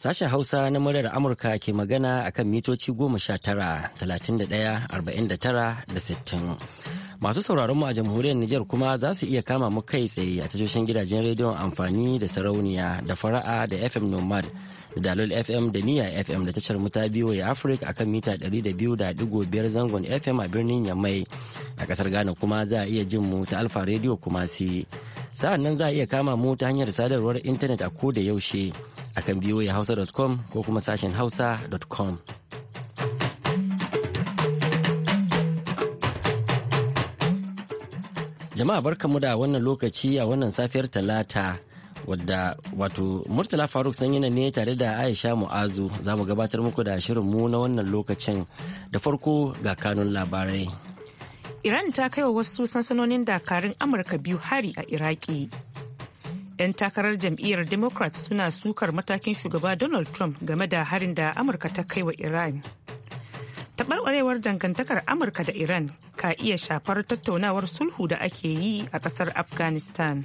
Sashen Hausa na muryar Amurka ke magana akan mitoci goma sha tara, talatin da ɗaya, arba'in da tara da sittin. Masu sauraron mu a jamhuriyar Nijar kuma za su iya kama mu kai tsaye a tashoshin gidajen rediyon amfani da sarauniya da fara'a da FM Nomad da Dalol FM da Niya FM da tashar muta biyu ya a akan mita ɗari da da biyu 200.5 zangon FM a birnin Yamai. A ƙasar Ghana kuma za a iya jin mu ta Alfa Radio Kumasi. sa'an nan za a iya kama mu ta hanyar sadarwar intanet a ko da yaushe akan hausa.com ko kuma sashen hausa.com jama'a barkanmu da wannan lokaci a wannan safiyar talata wadda wato murtala faruk sanyina ne tare da aisha mu'azu za mu gabatar muku da shirin mu na wannan lokacin da farko ga kanun labarai Iran ta kai wa wasu sansanonin dakarun Amurka biyu hari a Iraki. 'Yan takarar jam'iyyar Democrats suna sukar matakin shugaba Donald Trump game da harin da Amurka ta kai wa Iran. Taɓarɓarewar dangantakar Amurka da Iran ka iya shafar tattaunawar sulhu da ake yi a ƙasar Afghanistan.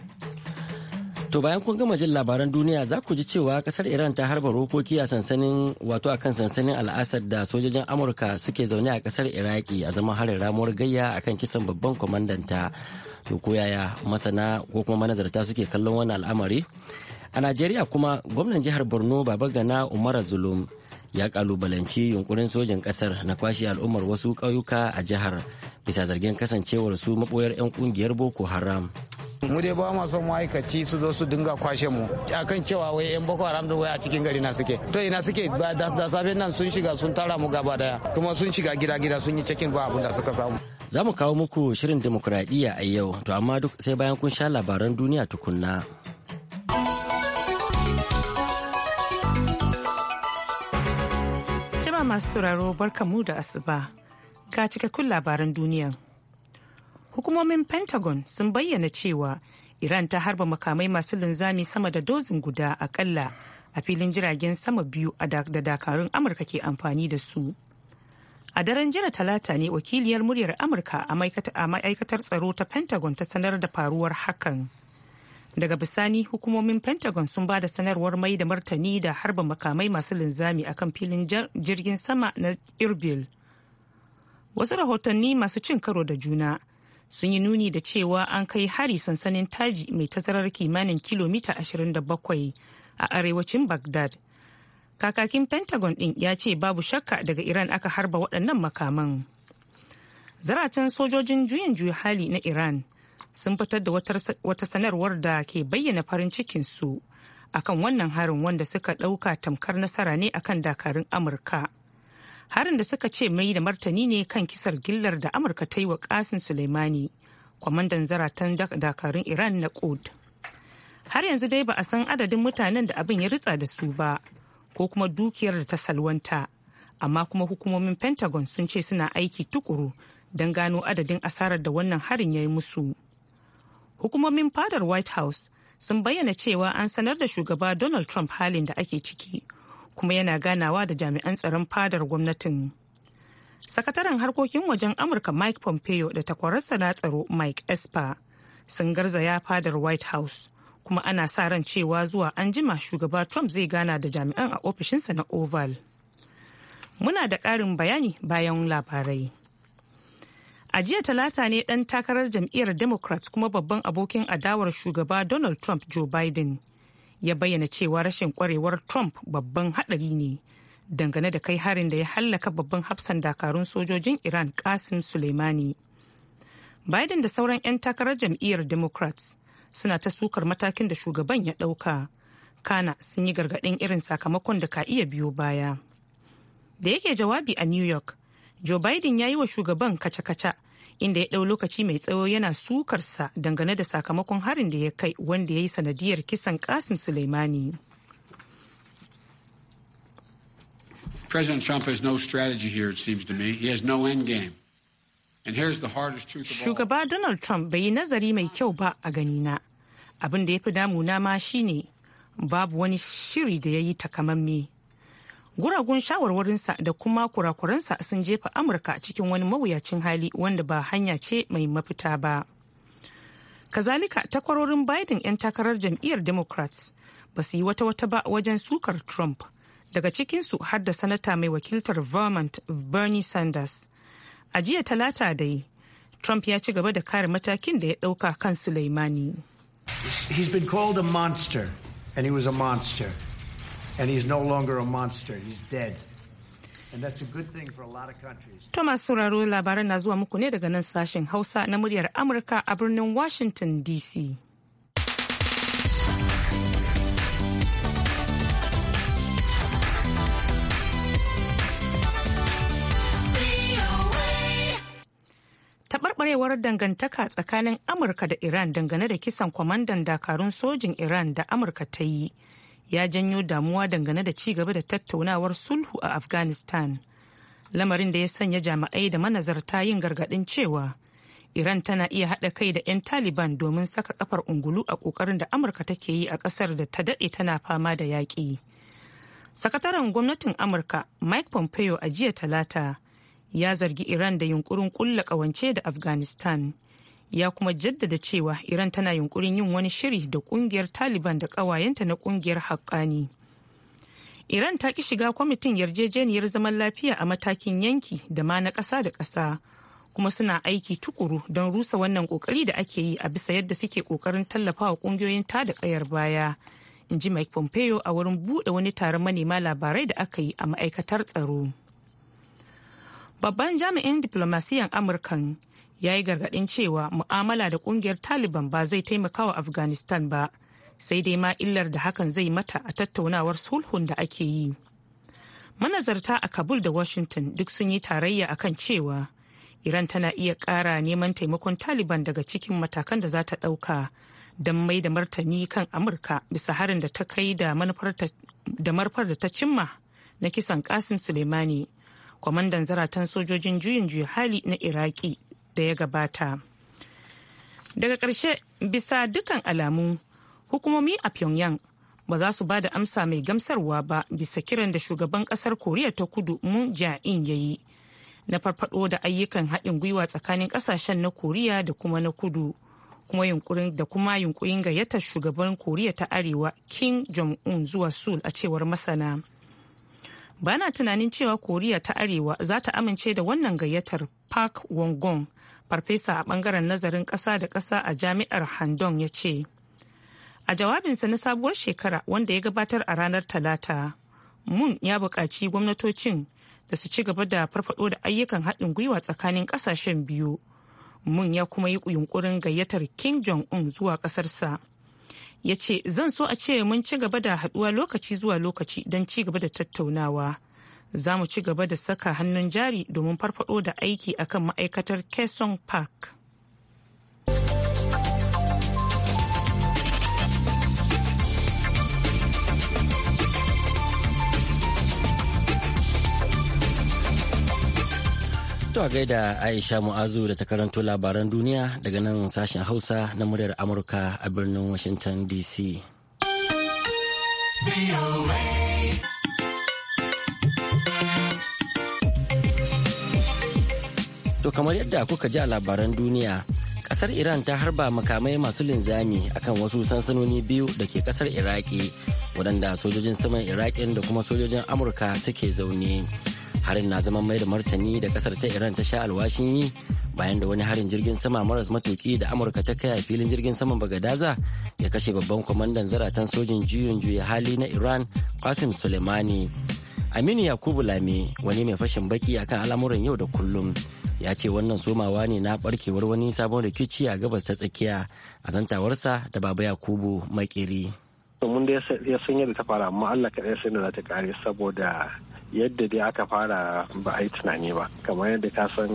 To bayan kun gama jin labaran duniya za ku ji cewa kasar Iran ta harba rokoki a sansanin wato akan sansanin al'asar da sojojin Amurka suke zaune a kasar Iraki a zaman harin ramuwar gayya a kan kisan babban kwamandanta. To ko masana ko kuma manazarta suke kallon wannan al'amari? A Najeriya kuma gwamnan jihar Borno Baba Gana Umar Zulum ya kalubalanci yunkurin sojin kasar na kwashe al'ummar wasu ƙauyuka a jihar bisa zargin kasancewar su maboyar 'yan kungiyar boko haram mu dai ba ma son ma'aikaci su zo su dinga kwashe mu akan cewa wai yan boko haram da wai a cikin gari na suke to ina suke da safe nan sun shiga sun tara mu gaba daya kuma sun shiga gida gida sun yi cikin ba abun da suka samu za mu kawo muku shirin demokuraɗiyya a yau to amma duk sai bayan kun sha labaran duniya tukunna masu sauraro barkamu da asuba ga cikakkun labaran duniya. Hukumomin Pentagon sun bayyana cewa Iran ta harba makamai masu linzami sama da dozin guda akalla a filin jiragen sama biyu da dakarun Amurka ke amfani da su. A daren jira talata ne wakiliyar muryar Amurka a ma'aikatar tsaro ta Pentagon ta sanar da faruwar hakan. daga bisani hukumomin pentagon sun ba da sanarwar mai da martani da harba makamai masu linzami a kan filin jirgin sama na irbil wasu rahotanni masu cin karo da juna sun yi nuni da cewa an kai hari sansanin taji mai tazarar kimanin kilomita 27 a arewacin bagdad kakakin pentagon din ya ce babu shakka daga iran aka harba waɗannan makaman zaratan sojojin juyin juya hali na iran sun fitar da wata sanarwar da ke bayyana farin cikinsu akan wannan harin wanda suka ɗauka tamkar nasara ne akan dakarun amurka harin da suka ce mai da martani ne kan kisar gillar da amurka ta yi wa kasin suleimani kwamandan zaratan dakarun iran na kud har yanzu dai ba a san adadin mutanen da abin ya ritsa da su ba ko kuma dukiyar da ta salwanta amma kuma hukumomin pentagon sun ce suna aiki tukuru don gano adadin asarar da wannan harin ya yi musu hukumomin fadar white house sun bayyana cewa an sanar da shugaba donald trump halin da ake ciki kuma yana ganawa da jami'an tsaron fadar gwamnatin sakataren harkokin wajen amurka mike pompeo da takwararsa na tsaro mike esper sun garza ya fadar white house kuma ana sa ran cewa zuwa an jima shugaba trump zai gana da jami'an a ofishinsa na oval muna da ƙarin bayani bayan labarai A jiya talata ne ɗan takarar jam'iyyar Democrat kuma babban abokin adawar shugaba Donald Trump Joe Biden ya bayyana cewa rashin kwarewar Trump babban haɗari ne dangane da kai harin da ya hallaka babban hafsan dakarun sojojin Iran Qasim Soleimani. Biden da sauran 'yan takarar jam'iyyar Democrats suna ta sukar matakin da shugaban ya ɗauka. Kana sun yi gargaɗin irin sakamakon da ka iya biyo baya. Da yake jawabi a New York, Joe Biden ya yi wa shugaban kaca-kaca inda ya ɗau lokaci mai tsawo yana sukarsa dangane da sakamakon harin da ya kai wanda ya yi sanadiyar kisan kasin suleimani Shugaba Donald Trump bai yi nazari mai kyau ba a ganina. Abin da ya fi damu damuna ma shine babu wani shiri da ya yi takamamme. guragun shawarwarinsa da kuma kurakuransa sun jefa amurka cikin wani mawuyacin hali wanda ba hanya ce mai mafita ba kazalika takwarorin biden 'yan takarar jam'iyyar democrats ba su yi wata wata ba wajen sukar trump daga cikinsu har da sanata mai wakiltar vermont bernie sanders a jiya talata dai trump ya ci gaba da kare matakin da ya ɗauka kan suleimani He's been called a monster, and he was a monster. And he's no longer a monster, he's dead. Thomas sauraro labaran na zuwa muku ne daga nan sashen Hausa na muryar Amurka a birnin Washington DC. taɓarɓarewar dangantaka tsakanin amurka da iran dangane da kisan kwamandan dakarun sojin iran da amurka ta yi ya janyo damuwa dangane da ci gaba da tattaunawar sulhu a afghanistan lamarin da ya sanya jami'ai da manazarta yin gargaɗin cewa iran tana iya haɗa kai da 'yan taliban domin saka kafar ungulu a ƙoƙarin da amurka take yi a ƙasar da ta daɗe tana fama da yaƙi sakataren gwamnatin amurka mike pompeo a jiya talata ya zargi iran da yunkurin ƙulla ƙawance da afghanistan ya kuma jaddada cewa iran tana yunkurin yin wani shiri da kungiyar taliban da kawayenta na kungiyar haƙƙani iran ta ki shiga kwamitin yarjejeniyar zaman lafiya a matakin yanki da ma na ƙasa da ƙasa kuma suna aiki tukuru don rusa wannan ƙoƙari da ake yi a bisa yadda suke kokarin tallafawa ƙungiyoyin ta da ƙayar baya in ji mike pompeo a wurin buɗe wani taron manema labarai da aka yi a ma'aikatar tsaro babban jami'in diplomasiyan amurkan ya yi gargaɗin cewa mu'amala da ƙungiyar taliban ba zai taimaka wa afghanistan ba sai dai ma illar da hakan zai mata a tattaunawar sulhun da ake yi manazarta a kabul da washington duk sun yi tarayya akan cewa iran tana iya ƙara neman taimakon taliban daga cikin matakan da za ta ɗauka don mai da martani kan amurka bisa harin da ta kai da marfar da ta cimma na kisan kasim suleimani kwamandan zaratan sojojin juyin juya hali na iraki da ya gabata daga ƙarshe bisa dukkan alamu hukumomi a pyongyang ba za su ba da amsa mai gamsarwa ba bisa kiran da shugaban ƙasar koriya ta kudu mun ja'in ya yi na farfado da ayyukan haɗin gwiwa tsakanin ƙasashen na koriya da kuma na kudu kuma yunkurin da kuma yunkurin gayyatar shugaban koriya ta arewa kim jong-un zuwa sul a cewar masana bana tunanin cewa koriya ta arewa za ta amince da wannan gayyatar park Wong-gong farfesa a bangaren nazarin kasa da kasa a jami'ar handong ya ce a jawabinsa na sabuwar shekara wanda ya gabatar a ranar talata mun ya buƙaci gwamnatocin da su ci gaba da farfado da ayyukan haɗin gwiwa tsakanin ƙasashen biyu mun ya kuma yi yunkurin gayyatar King jong-un zuwa ƙasarsa ya ce zan so a ce mun ci gaba da haɗuwa lokaci zuwa lokaci don ci gaba da tattaunawa za mu ci gaba da saka hannun jari domin farfado da aiki akan ma'aikatar Kesson Park. To a gaida Aisha Mu'azu da ta karanto labaran duniya daga nan sashen Hausa na muryar Amurka a birnin Washington DC. To kamar yadda kuka ji a labaran duniya, kasar Iran ta harba makamai masu linzami akan wasu sansanoni biyu da ke kasar Iraki, waɗanda sojojin saman Iraƙin da kuma sojojin Amurka suke zaune. Harin na zama mai da martani da kasar ta Iran ta sha alwashin yi bayan da wani harin jirgin sama maras matuki da Amurka ta kai a filin jirgin saman Bagadaza ya kashe babban kwamandan zaratan sojin juyin juya hali na Iran Qasim Soleimani. Aminu Yakubu Lame wani mai fashin baki akan al'amuran yau da kullum ya ce wannan somawa ne na barkewar wani sabon rikici a gabas ta tsakiya a zantawarsa da baba yakubu makiri. domin da ya san yadda ta fara amma allah kaɗai sai da za ta kare saboda yadda dai aka fara ba a yi tunani ba kamar yadda ka san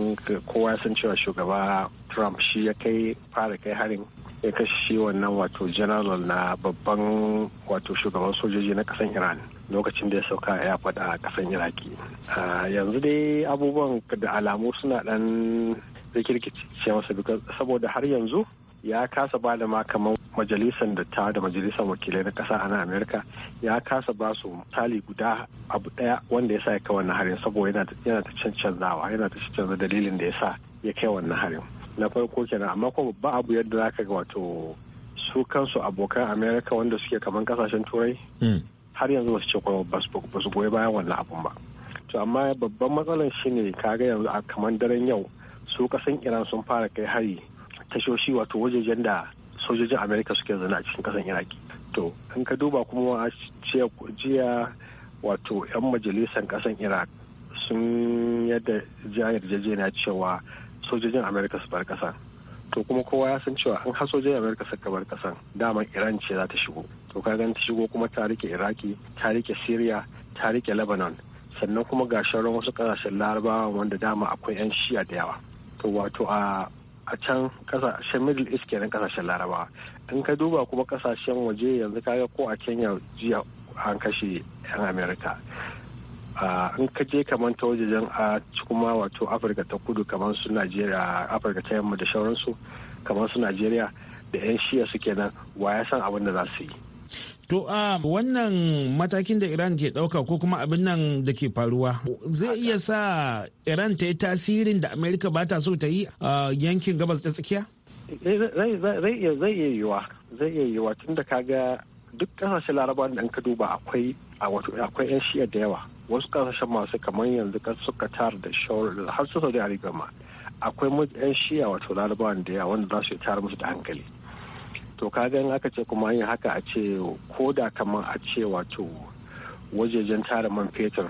kowa san cewa shugaba trump shi ya kai fara kai harin ya kashe shi wannan wato general na babban wato shugaban sojoji na kasan iran lokacin da ya sauka ya faɗa a ƙasar iraki yanzu dai abubuwan da alamu suna ɗan rikirkice masa saboda har yanzu ya kasa ba da kamar majalisar ta da majalisar wakilai na ƙasa a nan amerika ya kasa ba su misali guda abu ɗaya wanda ya sa ya kai wannan harin saboda yana ta cancanzawa yana ta cancanza dalilin da ya sa ya kai wannan harin na farko kenan amma kuma ba abu yadda zaka ga wato su kansu abokan amerika wanda suke kaman kasashen turai hmm. har yanzu wasu ce kuma ba su goyi bayan wannan abun ba to amma babban matsalar shine kaga yanzu a kamar daren yau su kasan iran sun fara kai hari tashoshi wato wajejen da sojojin amerika suke zana a cikin kasan iraki to in ka duba kuma a jiya wato 'yan majalisar kasan iraq sun yadda jihar yarjejeniya cewa sojojin amerika su bar kasa to kuma kowa ya san cewa an jiya amerika suka bar kasan dama iran ce za ta shigo to ka ta shigo kuma ta rike iraki ta rike syria ta rike lebanon sannan kuma ga sharon wasu kasashen larabawa wanda dama akwai yan shiya da yawa to wato a a can kasashen middle east kenan kasashen larabawa in ka duba kuma kasashen waje yanzu kaga ko a kenya jiya an kashe yan amerika an ka je kamar ta wajajen a kuma wato afirka ta kudu kamar su najeriya afirka ta yamma da shauransu kamar su najeriya da 'yan shiya suke nan wa ya san abin da za su yi To a wannan matakin da Iran ke ɗauka ko kuma abin nan da ke faruwa zai iya sa Iran ta yi tasirin da Amerika ba ta so ta yi a yankin gabas da tsakiya? Eh, zai iya yiwuwa, zai iya yiwuwa tun da kaga duk kasashen laraba da ka duba akwai akwai yan shi'a da yawa wasu kasashen masu kamar yanzu su qatar da shawar har su saudi arabia ma akwai yan shi'a wato laraba da yawa wanda za su tayar musu da hankali to kaga in aka ce kuma yin haka a ce ko da kamar a ce wato wajejen tara man fetur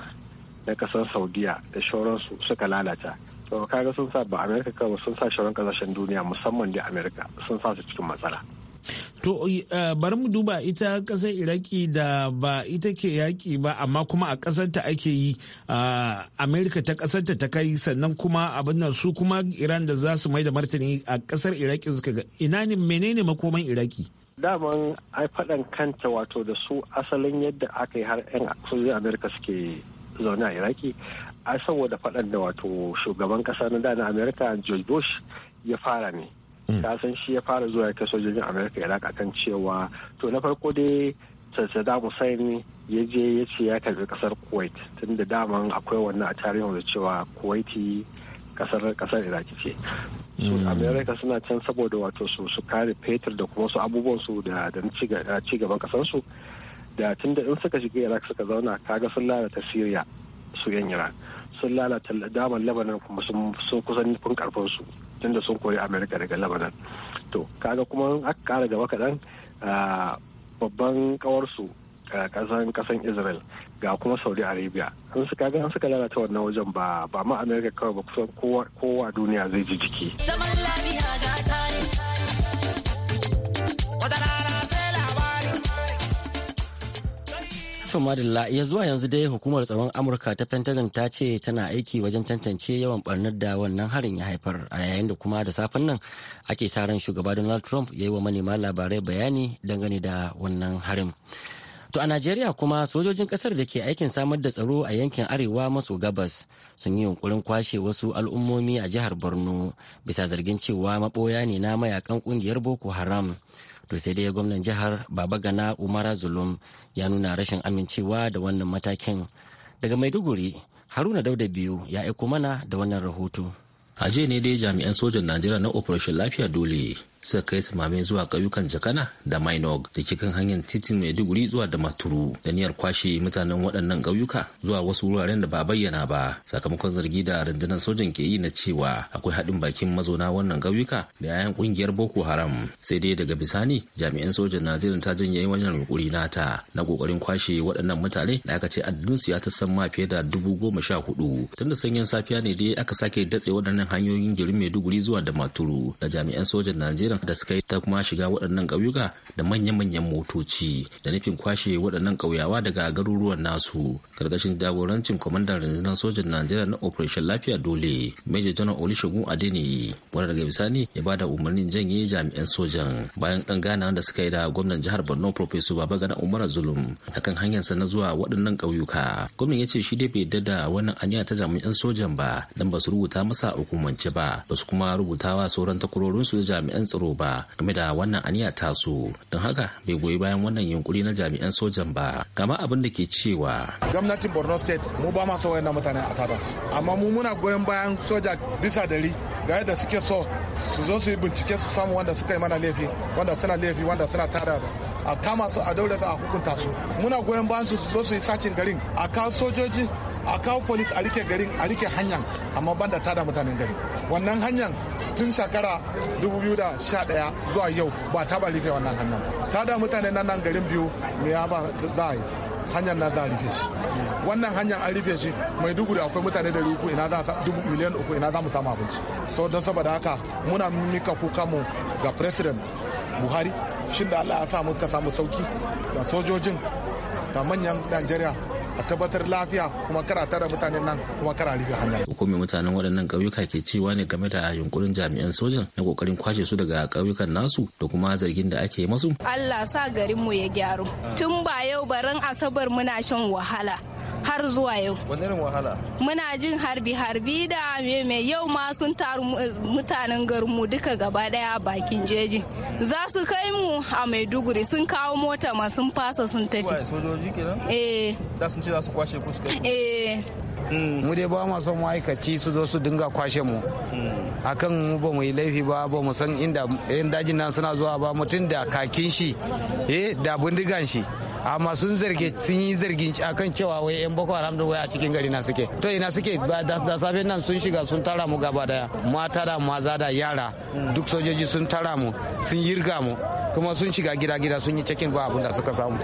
na kasar saudiya da shawararsu suka lalata to kaga sun sa ba amerika kawai sun sa shawarar kasashen duniya musamman da amerika sun sa su cikin matsala To eh, bari mu duba ita kasar Iraki da ba ita ke yaƙi ba amma kuma a ƙasarta ake yi ah, Amerika ta ƙasarta ta kai sannan kuma abin nan su kuma Iran da za su mai da martani a ƙasar Iraki suka ga ina ne menene makoman Iraki? Daman ai faɗan kanta wato da su asalin yadda aka yi har 'yan sojojin Amerika suke zaune a Iraki ai saboda faɗan da wato shugaban ƙasa na da na Amerika George Bush ya fara ne. Mm. ka san shi ya fara zuwa ya kaso sojojin amerika iraq akan cewa to na farko dai saddam ne ya je ya ce ya karbi kasar kuwait tun da daman akwai wannan a tarihin da cewa kuwaiti kasar kasar iraki ce su mm. america suna can saboda wato su su kare fetur da kuma su abubuwan su da ci gaban kasar su da tun da in suka shiga iraq suka zauna kaga sun lalata syria su yan iraq sun lalata damar lebanon kuma sun kusan nufin karfin su tunda sun kori amerika daga lebanon to kaga kuma aka kara gaba kaɗan babban kawarsu kasan kasan israel ga kuma saudi arabia an suka ga an suka lalata wannan wajen ba ba ma amerika kawai ba kusan kowa duniya zai ji jiki zaman lafiya ga tare To madalla ya zuwa yanzu dai hukumar tsaron Amurka ta Pentagon ta ce tana aiki wajen tantance yawan barnar da wannan harin ya haifar a yayin da kuma da safen nan ake sa ran shugaba Donald Trump ya yi wa manema labarai bayani dangane da wannan harin. To a Najeriya kuma sojojin kasar da ke aikin samar da tsaro a yankin arewa maso gabas sun yi yunkurin kwashe wasu al'ummomi a jihar Borno bisa zargin cewa maboya ne na mayakan kungiyar Boko Haram. To sai dai gwamnan jihar Baba Gana Umara Zulum ya nuna rashin amincewa da wannan matakin daga maiduguri haruna dauda biyu ya aiko mana da wannan rahoto a jiya ne dai jami'an sojan najeriya na operation lafiya dole suka kai su samame zuwa ƙauyukan jakana da mainog da ke kan hanyar titin maiduguri zuwa da maturu da niyyar kwashe mutanen waɗannan ƙauyuka zuwa wasu wuraren da ba bayyana ba sakamakon zargi da rundunar sojan ke yi na cewa akwai haɗin bakin mazauna wannan ƙauyuka da yayan ƙungiyar boko haram sai dai daga bisani jami'an sojan najeriya ta janye wannan rukuri nata na ƙoƙarin kwashe waɗannan mutane da aka ce adadinsu ya ta ma fiye da dubu goma sha hudu tun da sanyin safiya ne dai aka sake datse waɗannan hanyoyin girin maiduguri zuwa da maturu da jami'an sojan najeriya jiran da suka yi ta kuma shiga waɗannan ƙauyuka da manya-manyan motoci da nufin kwashe waɗannan ƙauyawa daga garuruwan nasu karkashin jagorancin kwamandan rundunar sojan najeriya na operation lafiya dole major general olusegun adeni wanda daga bisani ya ba da umarnin janye jami'an sojan bayan ɗan gana da suka yi da gwamnan jihar borno professor babagana umar zulum akan sa na zuwa waɗannan ƙauyuka gwamnan ya ce shi dai bai da wannan aniya ta jami'an sojan ba don ba su rubuta masa hukumance ba ba su kuma rubutawa sauran takwarorinsu jami'an tsaro tsaro ba game da wannan aniya tasu don haka bai goyi bayan wannan yunkuri na jami'an sojan ba kama abin da ke cewa gwamnatin borno state mu ba ma so na mutane a tabas amma mu muna goyon bayan soja bisa dari ga yadda suke so su zo su yi bincike su samu wanda suka yi mana laifi wanda suna laifi wanda suna tada a kama su a daure a hukunta su muna goyon bayan su zo su yi sacin garin a kawo sojoji a kawo polis a rike garin a rike hanyar amma banda tada mutanen gari wannan hanyar tun shekara 2011 zuwa yau ba ta ba rufe wannan hanyar ta da mutane na nan garin biyu me ya ba za a yi hanyar na za a rufe shi wannan hanyar an rufe shi mai dugu da akwai mutane da uku ina za dubu miliyan uku ina za mu samu abinci so don saboda haka muna mika kuka mu ga president buhari shin da allah ya sa muka samu sauki da sojojin da manyan najeriya a tabbatar lafiya kuma kara tara mutanen nan kuma kara rufe hanya. Hukumar mutanen waɗannan ƙauyuka ke cewa ne game da yunkurin jami'an sojan na ƙoƙarin kwashe su daga ƙauyukan nasu da kuma zargin da ake masu. Allah sa garinmu ya gyaru. Tun ba yau baran Asabar muna shan wahala. har zuwa yau wani irin wahala muna jin harbi harbi da meme yau ma sun taru mutanen garinmu duka gaba daya bakin jeji za su kai mu a maiduguri sun kawo mota ma sun fasa sun tafi sojoji kenan eh da sun ce za su kwashe eh hmm. mu dai ba mu son ma'aikaci su zo su dinga kwashe mu hmm. akan mu ba mu yi laifi ba ba mu san inda yan dajin nan suna zuwa ba mutum da kakin shi eh da bindigan shi amma sun zarge sun yi zargin akan cewa wai yan boko haram da wai a cikin gari na suke to ina suke da safe nan sun shiga sun tara mu gaba daya mata da maza da yara duk sojoji sun tara mu sun yirga mu kuma sun shiga gida gida sun yi cikin ba abun da suka samu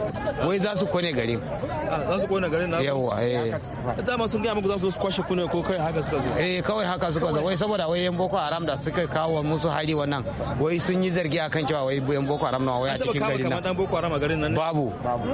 wai za su kone gari. Ah, za su kone garin na yawa eh ma sun ga muku za su kwashe kune ko kai haka suka zo eh kawai haka suka zo wai saboda wai yan boko haram da suka kawo musu hari wannan wai sun yi zargi akan cewa wai yan boko haram na wai a cikin na babu babu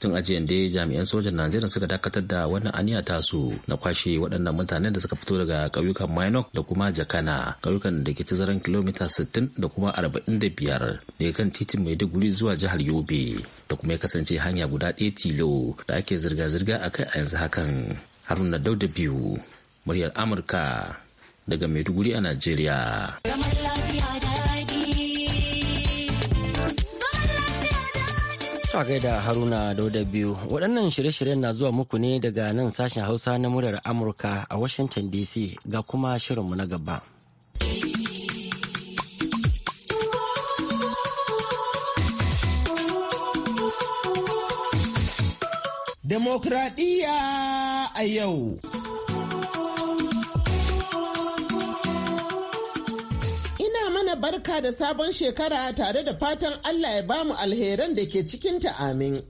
Tun ajiyar da jami'an sojan Najeriya suka dakatar da wannan aniya tasu na kwashe waɗannan mutanen da suka fito daga ƙauyukan Minok da kuma Jakana ƙauyukan da ke tazaran kilomita 60 da kuma 45 daga kan titin Maiduguri zuwa jihar Yobe da kuma ya kasance hanya guda ɗaya tilo da ake zirga-zirga a kai a yanzu hakan. Haruna Dauda biyu muryar Amurka daga Maiduguri a Najeriya. Ta gaida Haruna Dauda biyu waɗannan shirye-shiryen na zuwa muku ne daga nan sashen Hausa na murar Amurka a Washington DC ga kuma shirinmu na gaba. Demokradiyya a yau. barka da sabon shekara tare da fatan Allah ya bamu alheran da ke cikinta amin.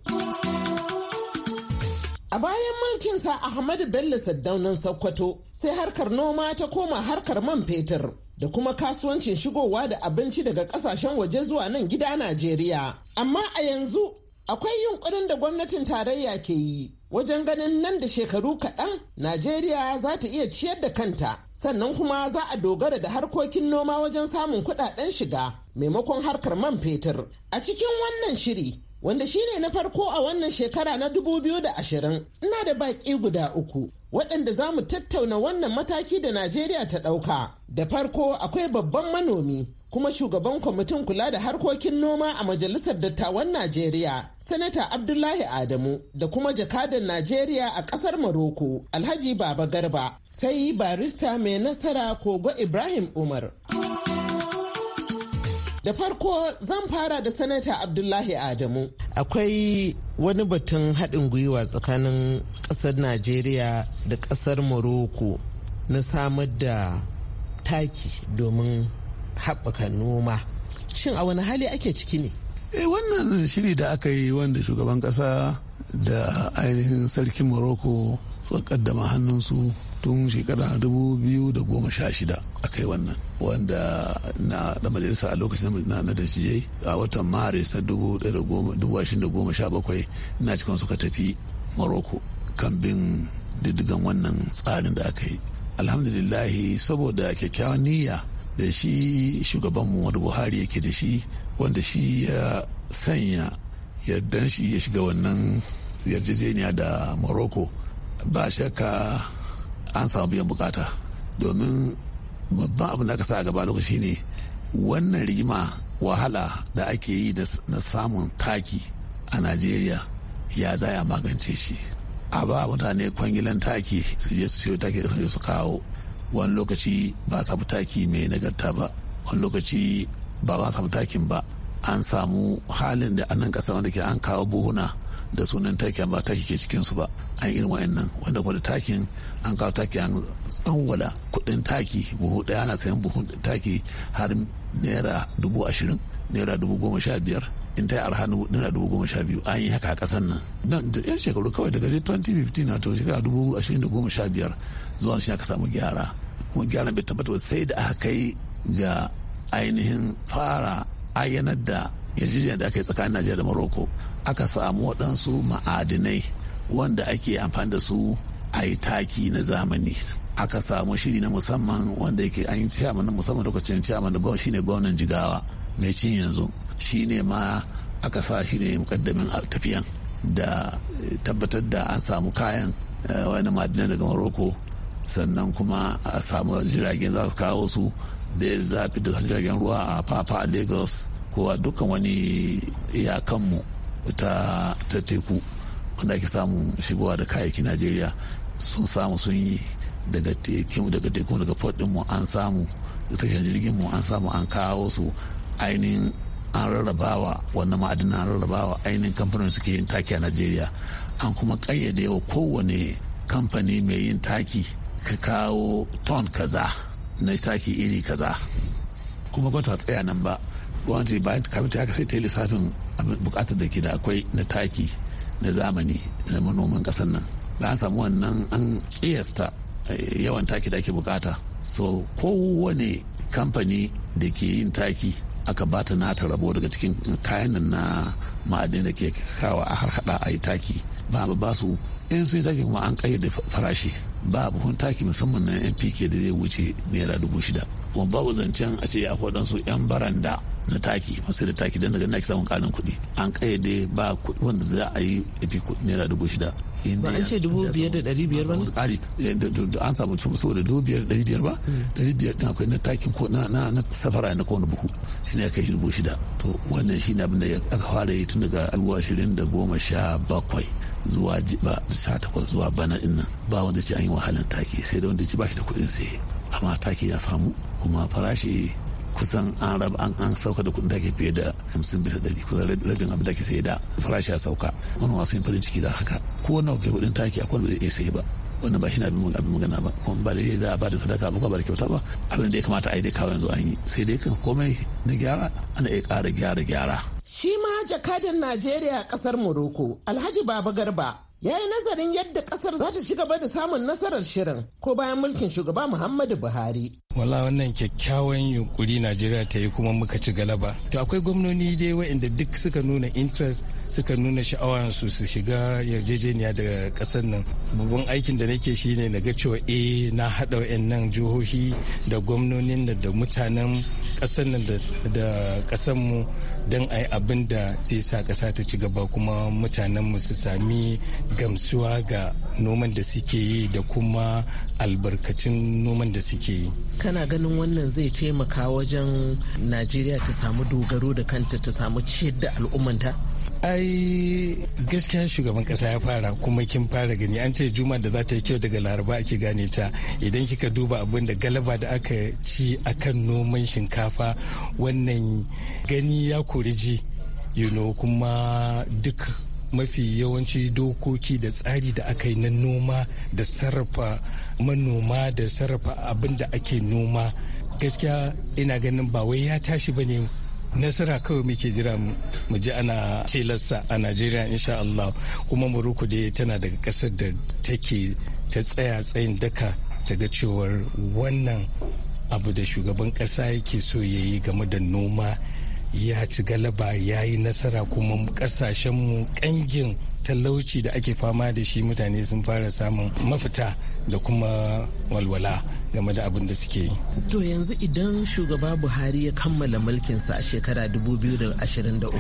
A bayan sa Ahmadu Bello Saddaunan Sokoto sai harkar noma ta koma harkar man fetur da kuma kasuwancin shigowa da abinci daga kasashen waje zuwa nan gida Najeriya. Amma a yanzu akwai yunkurin da gwamnatin tarayya ke yi wajen ganin nan da shekaru kaɗan Najeriya za ta iya ciyar da kanta sannan kuma za a dogara da harkokin noma wajen samun kudaden shiga maimakon harkar man fetur a cikin wannan shiri wanda shine na farko a wannan shekara na 2020 ina da baƙi guda uku waɗanda za mu tattauna wannan mataki da najeriya ta ɗauka da farko akwai babban manomi kuma shugaban kwamitin kula da harkokin noma a majalisar dattawan Najeriya, Sanata Abdullahi Adamu da kuma jakadan Najeriya a ƙasar Maroko, Alhaji Baba Garba, sai barista mai nasara Kogo Ibrahim Umar. Da farko zan fara da Sanata Abdullahi Adamu. Akwai wani batun haɗin gwiwa tsakanin ƙasar Najeriya da ƙasar Maroko na samar da taki domin haɓaka noma shin a wani hali ake ciki ne eh wannan shiri da aka yi wanda shugaban ƙasa da ainihin sarkin morocco suka kaddama hannunsu tun shekara 2016 aka yi wannan wanda na da majalisa a lokacin na da shi a watan maris na 2017 na cikin suka tafi morocco kan bin diddigan wannan tsarin da aka yi alhamdulillahi saboda kyakkyawan niyya da shi shugaban wani buhari yake da shi wanda shi ya sanya yardan shi ya shiga wannan yarjejeniya da morocco ba shakka an samu biyan bukata domin babban abin da aka sa a gaba lokaci ne wannan rigima wahala da ake yi na samun taki a najeriya ya zaya magance shi a ba mutane kwangilan taki su je su siyo taki su kawo wani lokaci ba a samu taki mai nagarta ba wani lokaci ba a samu takin ba an samu halin da anan kasa wanda ke an kawo buhuna da sunan taki ba taki ke cikin su ba an irin nan wanda kuma takin an kawo taki an tsawwala kudin taki buhu daya ana sayan buhun taki har naira dubu ashirin naira dubu goma sha biyar in ta yi alhanu naira dubu goma sha biyu an yi haka a kasan nan nan da yan shekaru kawai daga 2015 na to shekara dubu ashirin da goma sha biyar zuwa shi aka samu gyara kuma gyara bai tabbata sai da aka kai ga ainihin fara ayyanar da yarjejeniya da aka yi tsakanin najeriya da morocco aka samu waɗansu ma'adinai wanda ake amfani da su a yi taki na zamani aka samu shiri na musamman wanda yake an yi ciyaman na musamman lokacin ciyaman da shi ne gwamnan jigawa mai cin yanzu shine ma aka sa shi ne mukaddamin tafiyan da tabbatar da an samu kayan eh, wani madina daga morocco sannan kuma a samu jiragen za su kawo su da zafi da jiragen ruwa a fafa a lagos ko a dukkan wani iyakanmu ta teku wanda ake samu shigowa da kayayyaki najeriya sun samu sun yi daga tekin daga teku daga port an samu da jirgin mu an samu an kawo su ainihin an rarrabawa wannan ma'adina an rarrabawa ainihin kamfanin suke yin taki a najeriya an kuma kayyade wa kowane kamfani mai yin taki ka kawo ton kaza na taki iri kaza kuma gwamnati tsaya nan ba gwamnati bayan kafin ta sai ta yi lissafin bukatar da ke da akwai na taki na zamani na manoman kasar nan ba an samu wannan an kiyasta eh, yawan taki da ake bukata so kowane kamfani da ke yin taki aka ba ta nata rabo daga cikin kayan nan na ma'adin da ke kawa a harhaɗa a yi taki ba ba su in sun yi taki kuma an kayyade farashi ba buhun taki musamman na npk da zai wuce naira dubu shida kuma babu zancen a ce ya waɗansu 'yan baranda na taki masu da taki don daga na samun karin kuɗi an kayyade ba wanda za a yi epi naira dubu shida ba an ce dubu biyar da ɗari biyar ba ne? Eh, an samu saboda dubu biyar da ɗari biyar ba hmm. ɗari biyar ɗin akwai na takin ko na safara na kowane buhu shi ne aka yi dubu shida to wannan shi ne abinda aka fara yi tun daga alwa ashirin da goma sha bakwai zuwa jiba sha takwas zuwa bana ɗin nan ba wanda ce an yi wahalan taki sai da wanda ce ba shi da kuɗin sai amma taki ya samu kuma farashi kusan an raba an an sauka da kuɗin da ake fiye da hamsin bisa ɗari kusan rabin abin da ake sai da farashi ya sauka wani wasu yin farin ciki za haka ko wani kai kuɗin taki a kowane zai sai ba wanda ba shi na abin magana ba kuma ba da za a ba da sadaka ba ba da kyauta ba abin da ya kamata a yi dai kawo yanzu an yi sai dai kan komai na gyara ana iya ƙara gyara gyara. shi ma jakadan najeriya a ƙasar morocco alhaji baba garba ya yi nazarin yadda kasar za ta shiga gaba da samun nasarar shirin ko bayan mulkin shugaba muhammadu buhari wala wannan kyakkyawan yunkuri najeriya ta yi kuma muka ci galaba to akwai gwamnoni dai wa'inda duk suka nuna interest suka nuna sha'awar su su shiga yarjejeniya da kasar nan babban aikin da nake shine na ga cewa eh na haɗa nan jihohi da gwamnonin da mutanen kasar nan da kasar mu don a yi abin da zai sa ƙasa ta ci gaba kuma mutanenmu su sami gamsuwa ga noman da suke yi da kuma albarkacin noman da suke yi kana ganin wannan zai taimaka wajen najeriya ta samu dogaro da kanta ta samu ciyar da al'ummanta ai gaskiya shugaban kasa ya fara kuma kin fara gani an ce juma da za ta yi kyau daga laraba ake gane ta idan kika duba abin da galaba da aka ci akan noman shinkafa wannan gani ya kori ji you know, kuma duk mafi yawanci dokoki da tsari da aka yi na noma da sarrafa manoma da sarrafa abin da ake noma gaskiya ina ganin ba wai ya tashi ba ne nasara kawai muke jira mu ji ana tilasta a najeriya insha Allah kuma morocco dai tana daga kasar da take ta tsaya tsayin daka ta ga cewar wannan abu da shugaban kasa yake so ya yi game da noma ya ci galaba ya yi nasara kuma kasashenmu kangin talauci da ake fama da shi mutane sun fara samun mafita da kuma walwala game da abin da suke yi. To yanzu idan shugaba Buhari ya kammala mulkinsa a shekara 2023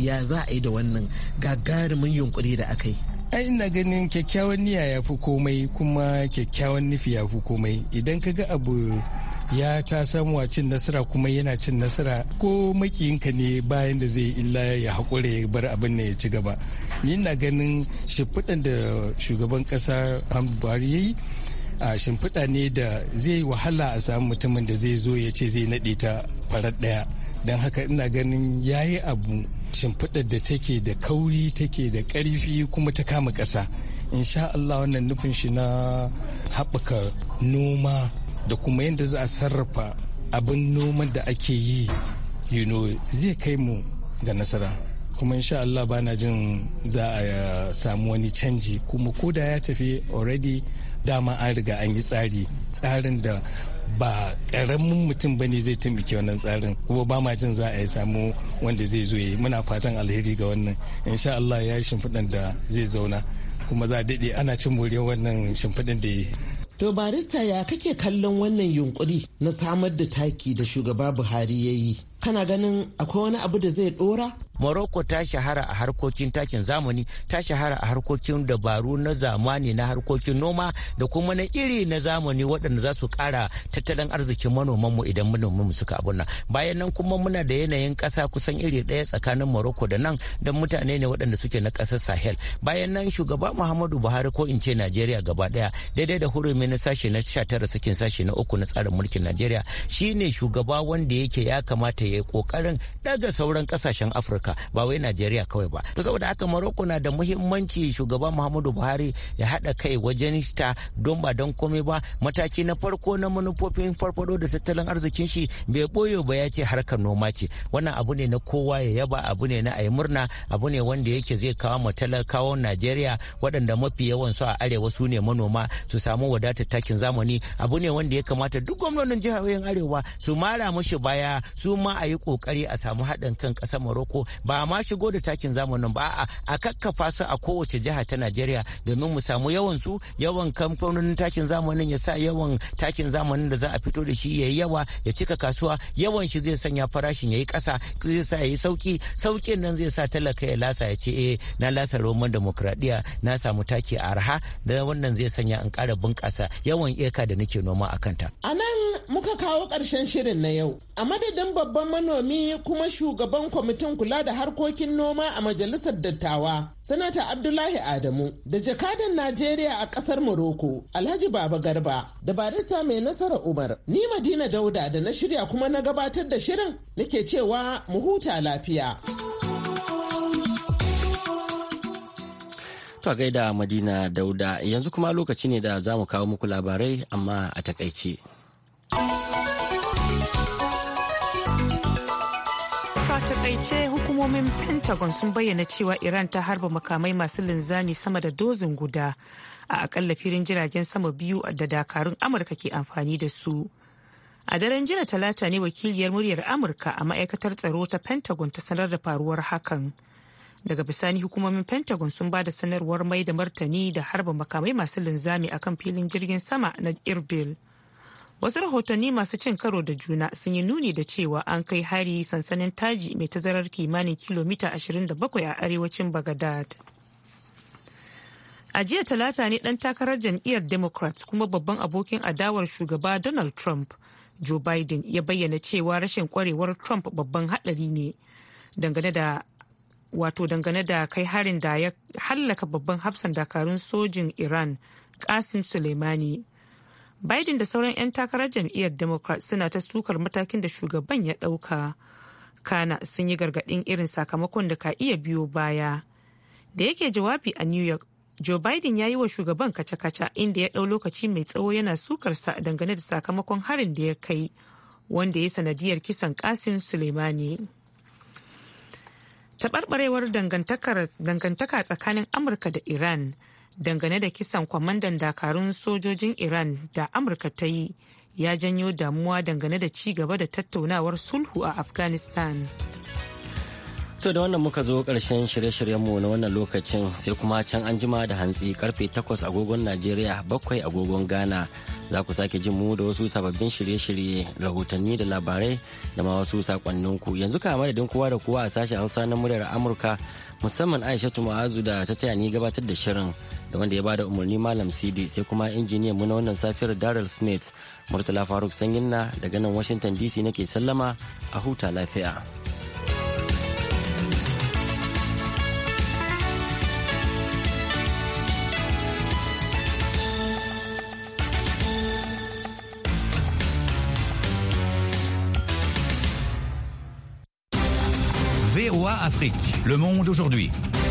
ya za a yi da wannan gagarumin yunkuri da aka yi. ai ina ganin kyakkyawan niyya ya fi komai kuma kyakkyawan nufi ya fi komai idan ka ga abu ya ta samuwa cin nasara kuma yana cin nasara ko makiyinka ne bayan da zai illa ya haƙura ya bar abin ne ya ci gaba ni na ganin shimfiɗan da shugaban ƙasa buhari ya yi a shimfiɗa ne da zai wahala a samu mutumin da zai zo ya ce zai naɗe ta farar ɗaya don haka ina ganin ya yi abu shimfiɗar da take da kauri take da ƙarfi kuma ta kama ƙasa insha Allah wannan nufin shi na haɓaka noma da kuma yadda za a sarrafa abin noman da ake yi you zai kai mu ga nasara kuma insha Allah ba na jin za a samu wani canji kuma ko da ya tafi already dama an riga an yi tsari tsarin da ba karamin mutum ba ne zai taimake wannan tsarin kuma ba ma jin za a yi samu wanda zai zo yi muna fatan alheri ga wannan insha Allah ya yi shimfiɗin da zai zauna kuma za a daɗe ana cin moriyar wannan shimfiɗin da yi To barista ya kake kallon wannan yunkuri na samar da taki da shugaba Buhari ya yi? Kana ganin akwai wani abu da zai dora morocco ta shahara a harkokin takin zamani ta shahara a harkokin dabaru na zamani na harkokin noma da kuma na iri na zamani waɗanda za su ƙara tattalin arzikin manomanmu idan manomanmu suka abunna bayan nan kuma muna da yanayin kasa kusan iri ɗaya tsakanin morocco da nan don mutane ne waɗanda suke na ƙasar sahel bayan nan shugaba muhammadu buhari ko in ce najeriya gaba ɗaya daidai da hurumi na sashe na 19 sakin sashe na uku na tsarin mulkin najeriya shine shugaba wanda yake ya kamata ya yi ƙoƙarin daga sauran ƙasashen afirka afirka ba wai najeriya kawai ba to saboda haka maroko na da muhimmanci shugaba muhammadu buhari ya haɗa kai wajen ta don ba don komai ba mataki na farko na manufofin farfado da tattalin arzikin shi bai boye ba ya ce harkar noma ce wannan abu ne na kowa ya yaba abu ne na ayi murna abu ne wanda yake zai kawo mu talakawan najeriya waɗanda mafi yawan su a arewa su ne manoma su samu wadatar takin zamani abu ne wanda ya kamata duk gwamnonin jihohin arewa su mara mushi baya su ma a yi kokari a samu haɗin kan ƙasar maroko ba ma shigo da takin zamanin ba a a kakkafa su a kowace jiha ta najeriya domin mu samu yawan su yawan kamfanonin takin zamanin ya sa yawan takin zamanin da za a fito da shi ya yi yawa ya cika kasuwa yawan shi zai sanya farashin ya yi ƙasa zai sa ya yi sauki saukin nan zai sa talaka ya lasa ya ce eh na lasa roman demokradiyya na samu taki a arha da wannan zai sanya in ƙara bunƙasa yawan eka da nake noma a kanta. a nan muka kawo ƙarshen shirin na yau a madadin babban manomi kuma shugaban kwamitin kula da harkokin noma a majalisar dattawa sanata abdullahi adamu da jakadan najeriya a kasar morocco alhaji baba garba da barista mai nasara umar ni madina dauda da na shirya kuma na gabatar da shirin nake cewa mu huta lafiya. To gaida Madina Dauda yanzu kuma lokaci ne da za mu kawo muku labarai amma a takaice. takaice hukumomin pentagon sun bayyana cewa iran ta harba makamai masu linzami sama da dozin guda a akalla filin jiragen sama biyu da dakarun amurka ke amfani da su a daren jira talata ne wakiliyar muryar amurka a ma'aikatar tsaro ta pentagon ta sanar da faruwar hakan daga bisani hukumomin pentagon sun ba da sanarwar mai da martani da harba makamai masu linzami akan filin jirgin sama na irbil. wasu rahotanni masu cin karo da juna sun yi nuni da cewa an kai hari sansanin taji mai tazarar kimanin kilomita 27 a arewacin bagadad a jiya talata ne dan takarar jam'iyyar democrat kuma babban abokin adawar shugaba donald trump joe biden ya bayyana cewa rashin kwarewar trump babban hadari ne dangane da wato dangane da kai harin da ya hallaka babban hafsan dakarun sojin iran kasim suleimani Biden da sauran 'yan takarar jam'iyyar Democrat suna ta sukar matakin da shugaban ya ɗauka. Kana sun yi gargaɗin irin sakamakon da ka iya biyo baya. Da yake jawabi a New York, Joe Biden ya yi wa shugaban kaca-kaca inda ya ɗau lokaci mai tsawo yana sukarsa dangane da sakamakon harin da ya kai, wanda ya sanadiyar kisan Kasim Suleimani. Taɓarɓarewar dangantaka tsakanin Amurka da Iran. dangane da kisan kwamandan dakarun sojojin iran da amurka ta yi ya janyo damuwa dangane da ci gaba da tattaunawar sulhu a afghanistan to da wannan muka zo karshen shirye-shiryenmu na wannan lokacin sai kuma can an jima da hantsi karfe 8 agogon najeriya bakwai agogon ghana za ku sake jin mu da wasu sababbin shirye-shirye rahotanni da labarai da ma wasu sakonninku yanzu ka madadin kowa da kowa a sashen hausa na muryar amurka musamman aisha mu'azu da ta taya ni gabatar da shirin da wanda ya bada umarni malam cd sai kuma injiniyan mu na wannan safiyar daryl smith murtala faruk na daga nan washington dc nake sallama a huta lafiya. Afrique. Le monde aujourd'hui.